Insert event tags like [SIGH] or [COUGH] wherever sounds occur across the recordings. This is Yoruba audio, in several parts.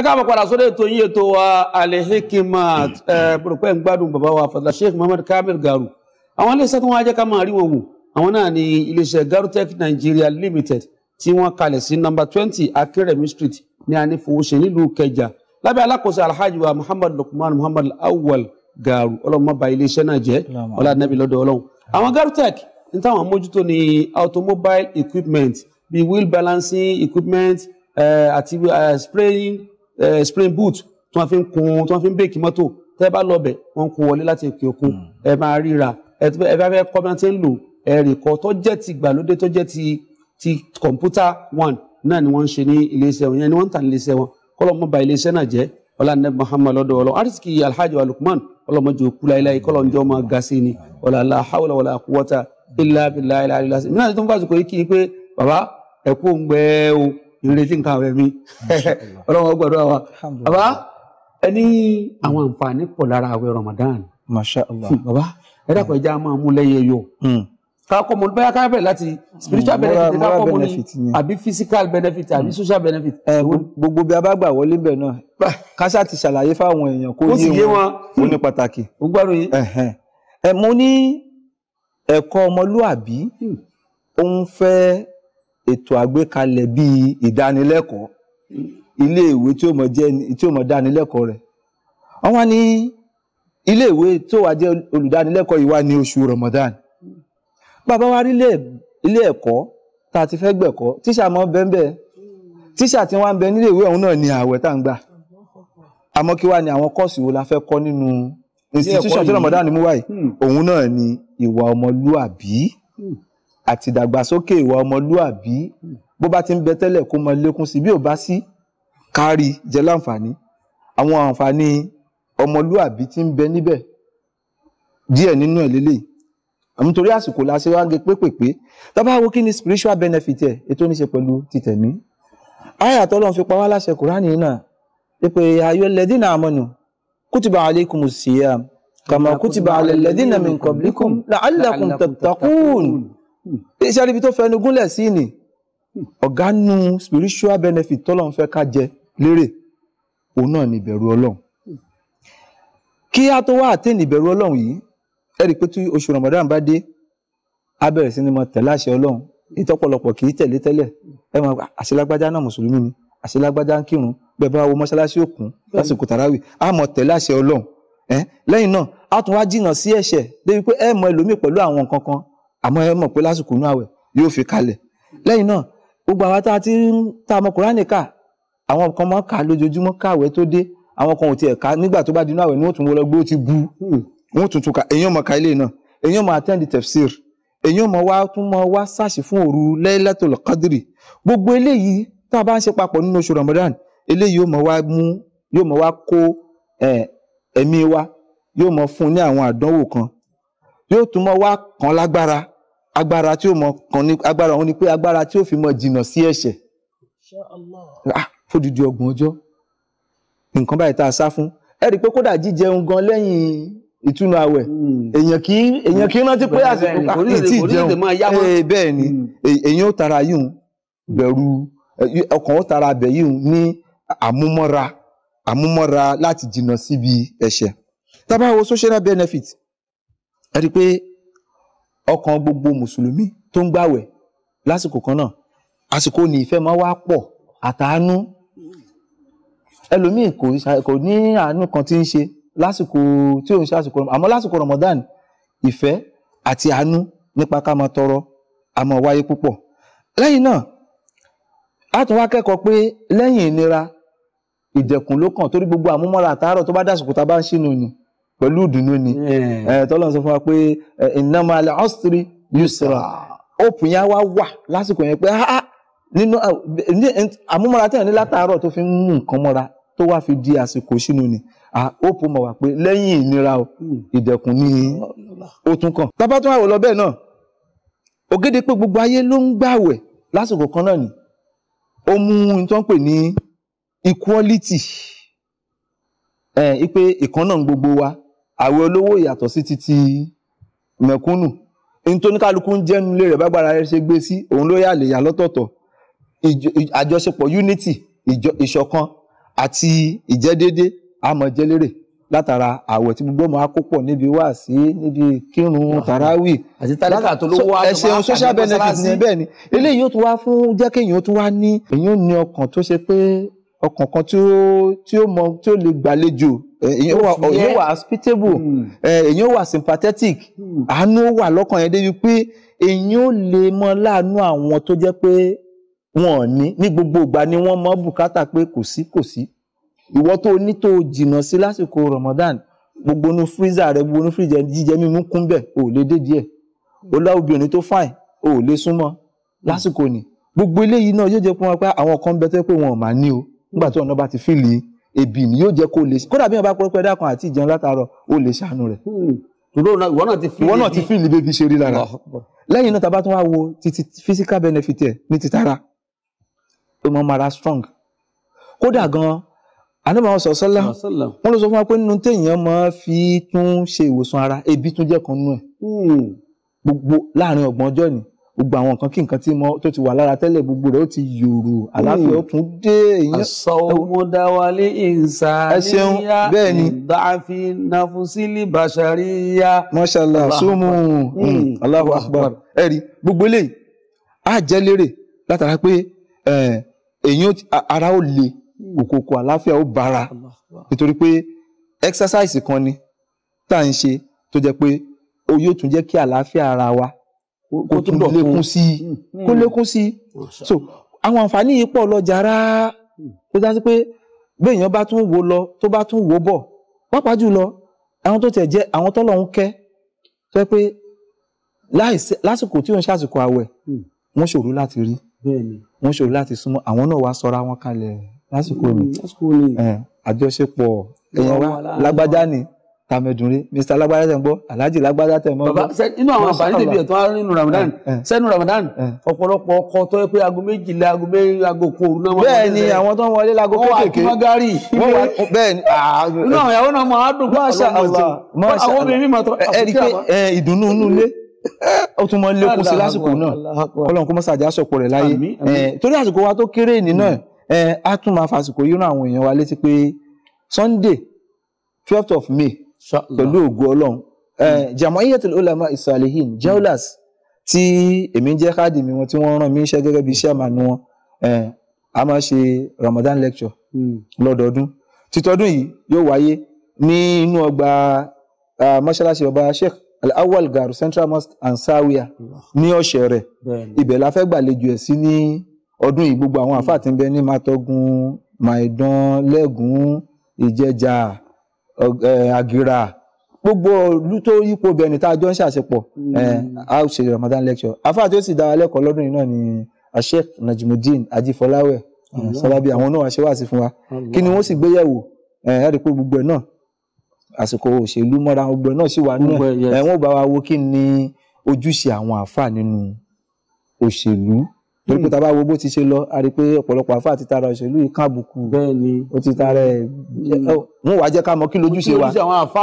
ẹ káàbọ̀ padà sórí ètò yín ètò wa Al-Hikmat ẹ pòròpẹ́ ń gbádùn bàbá wa fàdà Sheikh Muhammad Kamil Garu àwọn iléeṣẹ́ tó wọ́n á jẹ́ ká máa rí wọn wò àwọn náà ni iléeṣẹ́ Garutech Nigeria Limited tí wọ́n kalẹ̀ sí number twenty Akérèmí Street ní anífowóṣe nílùú Kẹjà lábẹ́ alákòóso alhaji wa Muhammad Lukman Muhammad Awal Garu ọlọ́run má bà iléeṣẹ́ náà jẹ́ ọlá nàbí lọ́dọ̀ ọlọ́run àwọn Garutech ní táwọn mójútó ni automobile equipment bíi wheel balancing equipment àti uh, spraying Eh, spring boot tí wọ́n fi ń kun tí wọ́n fi ń bèkì mọ́tò tẹ́ bá lọ́bẹ̀ wọ́n kó wọlé láti òkè òkun hmm. ẹ máa ríra ẹ bá fẹ́ kọ́ bí wọ́n ti ń lò ẹ̀rì kan tó jẹ́ ti ìgbàlódé tó jẹ́ ti ti kọ̀ǹpútà one náà ni wọ́n ń ṣe ní iléeṣẹ́ wọn yẹn ni wọ́n ń tà ní iléeṣẹ́ wọn kọ́lọ́mọ ba iléeṣẹ́ náà jẹ́ ọlànà muhammad lọ́dọ̀ ọlọ́ arísìkì alhaji wa lukman ọlọ́mọdé òkú láéláé kọ́lọ́njọ́ máa ga sí ni ọ̀làlá hawla wàlà quwwata illa billahi alilasi. mi náà tó ń fàṣọ kò yí kí n pé bàbá ẹ̀kú ń gbẹ́ o ìrètí nǹkan àwẹ̀ mi ọlọ́wọ́n gbọ́dọ̀ wa bàbá ẹni àwọn àǹfààní pọ̀ lára àwẹ̀ Ramadan masha Allah hmm, bàbá ẹ dàpọ̀ ẹja máa mú lẹ́yẹ yọ kakọ mo bẹ́ẹ̀ ká bẹ̀rẹ̀ láti spiritual hmm, benefit kakọ mo ni àbí physical benefit àbí hmm. social benefit. Eh, gbogbo bí a bá gbà wọlé bẹ̀ náà kásá ti ṣàlàyé fáwọn èèyàn kó yé wọn ó ní pàtàkì. ó gbọ́dọ̀ yé. ẹ mo ní ẹ̀kọ́ ọmọlúàbí ó ń ètò àgbékalẹ̀ bíi ìdánilẹ́kọ̀ọ́ iléèwé tí ó mọ jẹ́ tí ó mọ dánilẹ́kọ̀ọ́ rẹ̀ wọ́n wá ní iléèwé tó wà jẹ́ olùdánilẹ́kọ̀ọ́ yìí wá ní oṣù Ramadan bàbá wa rí ilé ẹ̀kọ́ tá a ti fẹ́ gbẹ̀kọ́ tíṣà mọ́ bẹ́ńbẹ́ tíṣà tí wọ́n ń bẹ nílé ìwé ọ̀hún náà ni ààwẹ̀ tá à ń gbà àmọ́ kí wá ni àwọn kọ́ọ̀sì wo la fẹ́ kọ́ nínú institution tí Ramadan mú wáyé hmm. òun náà ni ìwà ọmọlúàbí. Hmm àti ìdàgbàsókè ìwà ọmọlúàbí bó bá ti ń bẹ tẹ́lẹ̀ kó mọ lékún sí bí ò bá sí kárí jẹ láǹfààní àwọn àǹfààní ọmọlúàbí ti ń bẹ níbẹ̀ díẹ̀ nínú ẹ̀ lélẹ́yìí àmì torí àsìkò la ṣe wá ń gé pépèpé tábà wo kí ni spiritual benefit ẹ̀ ètò ní ṣe pẹ̀lú títẹ̀mí àyà tọ́lọ́run fi pa wá láṣẹ kúránì yìí náà ìpè ayọ̀ lẹ́dínà àmọ́nù kútìbà alaykumus siyam kàmá kútìbà alẹ́ lẹ́dínà min qablikum la'allakum tattaqun iṣẹ́ níbi tó fẹnu gúnlẹ̀ sí ni ọ̀gá nu spiritual benefit tọ́lọ́run fẹ́ ká jẹ lérè òun náà ni ìbẹ̀rù ọlọ́run kí a tó wá àtẹ́ni ìbẹ̀rù ọlọ́run yìí ẹ rí i pé tí oṣù Ramadan bá dé a bẹ̀rẹ̀ sí ni mo tẹ̀lé àṣẹ ọlọ́run ìtọ́pọ̀lọpọ̀ kì í tẹ̀lé tẹ́lẹ̀ ẹ mọ̀ àṣelágbájá náà mùsùlùmí ni àṣelágbájá ń kírun bẹ́ẹ̀ bá wo mọ́ṣáláṣí òkun lásìkò tàràwì a mọ̀ tẹ̀lé àṣẹ ọlọ́run lẹ́yìn náà a tún wá jìnnà sí ẹ̀ṣẹ̀ débi pé ẹ mọ ẹlòmíì pẹ̀lú àwọn nǹkan kan àmọ́ ẹ mọ̀ pé lásìkò inú àwẹ̀ yóò fi kalẹ̀ lẹ́yìn náà gbogbo àwa tá a ti ń ta ọmọ kùránì kà àwọn kan máa ń kà lójoojúmọ́ káwẹ̀ tó dé àwọn kan ò tiẹ̀ ká nígbà tó bá dinú àwẹ̀ ni wọ́n tún wọ́n gbé ó ti bu wọ́n tún tún ka èyàn mọ̀ ká ilé náà èyàn mọ̀ attend tefsir èyàn mọ̀ wá tún mọ̀ wá sáàsì fún òru Laylatul Qadri gbogbo eléyìí tá a bá ń ṣe papọ̀ nínú oṣù Ramadan eléyìí yóò mọ̀ wá mú yóò mọ̀ wá kó ẹ̀mí wa yóò mọ̀ fún ní àwọn àdánwò kan yóò tún mọ̀ wá kàn lágbára agbára tí ó mọ kan ní agbára òun ni pé agbára tí ó fi mọ jìnnà sí ẹ̀ṣẹ̀ ah, fódìdí ọgbọ̀n ọjọ́ nǹkan báyìí tá a sá fún ẹ rí i pé kódà jíjẹun gan lẹ́yìn ìtúnu àwẹ̀ hmm. èèyàn kì í èèyàn kì í rántí pé hmm. àsìkò àti ìtì ìjẹun bẹ́ẹ̀ ni èèyàn eh, hmm. ó tara yìí bẹ̀rù ọkàn ó tara bẹ̀ yìí ní àmúmọ́ra àmúmọ́ra láti jìnnà síbi ẹ̀ṣẹ̀ tá wo social benefit ẹ rí i pé ọkàn gbogbo mùsùlùmí tó ń gbàwẹ̀ lásìkò kan náà àsìkò ní ìfẹ́ máa wá pọ̀ àtàánú ẹlòmíì kò ní àánú kan tí ń ṣe lásìkò tí òun ṣe àsìkò àmọ́ lásìkò Ramadan ìfẹ́ àti àánú nípa ká máa tọrọ a máa wáyé púpọ̀ lẹ́yìn náà a tún wá kẹ́kọ̀ọ́ pé lẹ́yìn ìnira ìdẹ̀kùn ló kàn torí gbogbo àmúmọ́ra àtàárọ̀ tó bá dàsìkò tá a bá ń ṣínú ni pẹ̀lú ìdùnnú ni tọ́lọ́n sọ fún wa pé innama al-usri yusra òpin yẹn wá wà lásìkò yẹn pé ah, ah, nínú ah, àmúmọ́ra tẹ̀yìn ní látàárọ̀ tó fi ń mú nǹkan mọ́ra tó wá fi di àsìkò sínú ni ó pò mọ̀ wá pé lẹ́yìn ìnira o hmm. ìdẹ̀kùn ni ó tún kàn. tábà tún àwọ̀ lọ bẹ́ẹ̀ náà ògede pé gbogbo ayé ló ń gbààwẹ̀ lásìkò kan náà ni ó mú ohun tó ń pè ní equality ẹ̀ ipe ìkan náà gbogbo wa àwẹ̀ olówó yàtọ̀ sí titi mẹ̀kúnnù nítorí kálukú ń jẹ́nu lé rẹ̀ bágbára rẹ̀ ṣe gbé sí òun ló yà lè yà lọ́tọ̀ọ̀tọ̀ àjọṣepọ̀ unity ìṣọ̀kan àti ìjẹ́dédé àmọ̀jẹ́lérè látara àwẹ̀ tí gbogbo ọmọ akópọ̀ níbi wáàsí níbi kírun tarawih àti tálíkà tó lówó àti ẹ̀sìn social benefit ni bẹ́ẹ̀ ni eléyìí yóò tún wá fún jẹ́ kéèyàn tún wá ní èyí ò ní ọkàn tó ṣe pé ọkàn kan tí ó tí ó mọ tí ó lè gbàlejò èyàn wà èyàn wà hospitable hmm. èyàn wà sympathetic hmm. àánú wà lọ́kàn yẹn débi pé èyàn ó lè mọ láàánú àwọn tó jẹ́ pé wọn ò ní ní gbogbo ìgbà ni wọ́n mọ bùkátà pé kò sí kò sí ìwọ tó ní tó jìnnà sí lásìkò Ramadan gbogbo inú freezer rẹ gbogbo inú freezer jíjẹ mímú kún bẹ ò lè dé díẹ̀ ó lá obìnrin tó fine ò lè súnmọ́ lásìkò ni gbogbo eléyìí náà yóò jẹ́ pé wọn pé àwọn kan bẹ tó pé wọn ò máa ní o nígbà tí ọ̀nà bá ti fìlì ebi ni yóò jẹ́ kó lè kódà bí wọn bá pẹ́pẹ́ dákan àti ìjẹun látàárọ̀ ó lè ṣàánú rẹ̀. Hmm. ìwọ náà ti fìlì bébí ṣe rí lára lẹ́yìn náà tá a bá tún wá wo títí physical benefit ẹ̀ ní ti tara ó mọ mara strong kódà gan-an anamọ sọ sọlá wọn ló sọ fún wa pé nínú téèyàn máa fi tún ṣe ìwòsàn ara ebi tún jẹ́ kan nù ẹ̀ hmm. gbogbo láàrin ọgbọ̀n ọjọ́ ni gbogbo àwọn nǹkan kí nǹkan tí mo tó ti wà lára tẹ́lẹ̀ gbogbo rẹ̀ ó ti yòrò àlàáfíà ó tún dé èyàn. àsọmọdáwálé ìsàlẹ̀ yá ìdáfi nàfúsílì bàṣàrí mọ́ṣálà súnmù Allahu mm. hmm. akbar ẹ rí gbogbo eléyìí á jẹ́ lérè látara pé èyàn ara ó le kòkòkò àlàáfíà ó bára nítorí pé exercise kan ni tá à ń ṣe tó jẹ́ pé ó yóò tún jẹ́ kí àlàáfíà ara wa kó tún lékún sí i hmm. Hmm. kó lékún sí i so àwọn àǹfààní yìí pọ̀ lọ́jà rárá tó hmm. dá sí pé béèyàn bá tún wò lọ tó bá tún wò bọ̀ pàápàá jùlọ àwọn tó tẹ̀ jẹ́ àwọn tọ́lọ́hún kẹ́ tó yẹ pé lásìkò tí òun ṣàsìkò àwẹ̀ wọ́n ṣòro láti rí wọ́n ṣòro láti súnmọ́ àwọn náà wá sọra wọn kalẹ̀ lásìkò ni àjọṣepọ̀ ẹ̀yàn wa lágbájá ni tàmẹ̀dùnrin mr lágbájá tẹ̀ ń gbọ́ alhaji lágbájá tẹ̀ mọ́. baba inú àwọn àǹfààní tèmi ẹ̀ nínú ramadan sẹ́nu eh, eh. ramadan eh, ọ̀pọ̀lọpọ̀ ọkọ tó yẹ pé aago méjìlá aago mẹ́rin aago kòòrú náà wọ́n bẹ́ẹ̀ ni àwọn tó ń wọlé laago kékèké wọ́n wà gárì [LAUGHS] bẹ́ẹ̀ ni. Ah, inú àwọn ìyàwó náà máa dùn pé àwọn obìnrin máa tọ́ ẹ̀rí pé ìdùnnú inú ilé ó tún mọ lékún sí lásìkò náà ọlọ́run kó mọ́ sàjà sọ̀pọ̀ rẹ̀ láyé torí àsìkò wa tó kéré mm. Sunday twelfth of May pẹ̀lú ògùn ọlọ́run hmm. jamaiyatul ulama isalihin hmm. jaulas tí èmi jẹ́ káàdì mi wọn tí wọ́n rán mi iṣẹ́ gẹ́gẹ́ bí iṣẹ́ àmàánú wọn a máa ṣe Ramadan lecture hmm. lọ́dọọdún títọ́dún yìí yóò wáyé ní inú ọgbà mọ́ṣáláṣí ọba sheikh al-awwal garu central mosque and sawiya ní ọ̀sẹ̀ rẹ̀ ibẹ̀ la fẹ́ gbàlejò ẹ̀ sí ní ọdún yìí gbogbo àwọn àfáà tí ń bẹ ní matogun maidan lẹ́gùn ìjẹjà Eh, àgìrà gbogbo olú tó yípo bẹ́ẹ̀ tá a jọ ń ṣàṣepọ̀ hmm. eh, a ó ṣe Ramadan lecture afa tó sì dá wa lẹ́kọ̀ọ́ lọ́dún yìí náà ni Sheikh Najimudeen Ajífọláwẹ̀ eh, sábàbí àwọn náà ṣe wá sí fún wa kí ni wọ́n sì gbéyẹ̀wò ẹ rí i pé gbogbo ẹ̀ náà àsìkò òṣèlú mọ́ra gbogbo ẹ̀ náà sì wà nínú ẹ̀ wọ́n bá wa wo kí ni ojúṣe àwọn àáfàá nínú òṣèlú torí pé hmm. tá a bá wo bó ti ṣe lọ a rí i pé ọ̀pọ̀lọpọ̀ àfa àti tara òṣèlú yìí kábùkù bẹ́ẹ̀ni ó ti tara ẹ̀ wọn wàá jẹ́ ká mọ kí lójúṣe wa lójúṣe àwọn àfa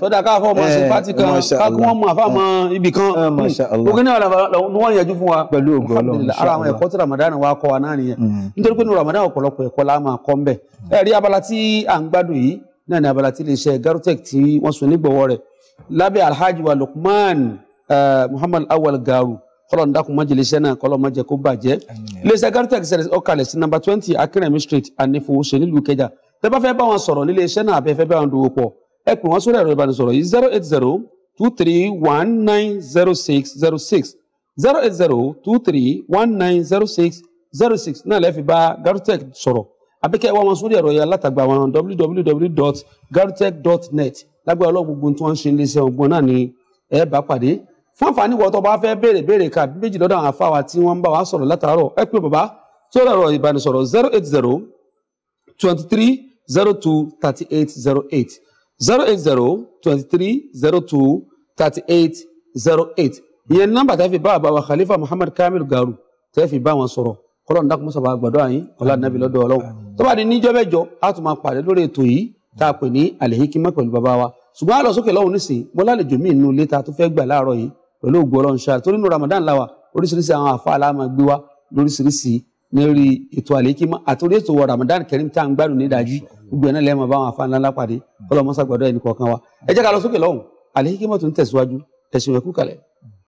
sọ́dà ká fọ́ ọmọ ṣe pátì kan ká kí wọ́n mú àfa mọ ibì kan ògùn hmm. náà ni wọ́n yẹjú fún wa pẹ̀lú ògùn ọlọ́run ara àwọn ẹ̀kọ́ tí Ramadan wa kọ́ wa náà nìyẹn hmm. nítorí pé ní Ramadan ọ̀pọ̀lọpọ̀ ẹ̀kọ́ la máa kọ́ ńbẹ̀ ẹ̀rí abala tí à Alhaji wa Lukman eh, Muhammad Awal Garu kọlọ́n dákun má jẹ́ iléeṣẹ́ náà kọlọ́n má jẹ́ kó bàjẹ́ iléeṣẹ́ Gartex ọkàlẹ̀ sí number twenty akínrẹ̀mí street anífowóṣe nílùú Ìkẹjà tẹ́ bá fẹ́ bá wọn sọ̀rọ̀ níléeṣẹ́ náà àbẹ́ fẹ́ bá wọn dòwò pọ̀ ẹ pè wọ́n sórí ẹ̀rọ ìbánisọ̀rọ̀ yìí zero eight zero two three one nine zero six zero six zero eight zero two three one nine zero six zero six náà lẹ́ẹ̀fi bá Gartex sọ̀rọ̀ àbíkẹ́ wá wọn sórí ẹ̀rọ yẹn alátagbà wọn www.gartex.net lágbára ọlọ́gbogbo tí wọ́n ń ṣe iléeṣẹ́ ọgbọ́n náà ni ẹ bá pàdé fáǹfààní wọ́n tó bá fẹ́ béèrè béèrè ká méjì lọ́dọ̀ àwọn afáwa tí wọ́n ń bá wa sọ̀rọ̀ látàárọ̀ ẹ pé bàbá tí ó rọrọ̀ ìbánisọ̀rọ̀ zero eight zero twenty three zero two thirty eight zero eight zero eight zero twenty three zero two thirty eight zero eight ìyẹn nọ́mbà tẹ́ fi bá àbáwá Khalifa Muhammad Kamil Garu tẹ́ fi bá wọn sọ̀rọ̀ kọlọ́n dákun mọ́sàbà gbọ́dọ̀ àyín ọlá nàbí lọ́dọ̀ ọlọ́run tó bá di níjọ́ mẹ́jọ a tún máa pàdé lórí ètò yìí tá a pè ní àlèyé kí mọ́ pẹ̀lú bàbá wa ṣùgbọ́n a lọ sókè lọ́hùn nísìnyí mo lálejò pẹ̀lú ògùn ọlọ́run ṣáà torí inú Ramadan la wà oríṣiríṣi àwọn àfáà la máa gbé wá lóríṣiríṣi lórí ètò àlékímọ́ àtòrí ètò wọ Ramadan Kareem tá à ń gbádùn ní ìdájí gbogbo ẹ̀ náà lẹ́yìn máa bá àwọn àfáà ńláńlá pàdé ọlọ́mọ sàgbàdo ẹnì kọ̀ọ̀kan wa ẹ jẹ́ ká lọ sókè lọ́hùn àlékímọ́ tó ń tẹ̀síwájú ẹ̀sìn ẹ̀kú kalẹ̀.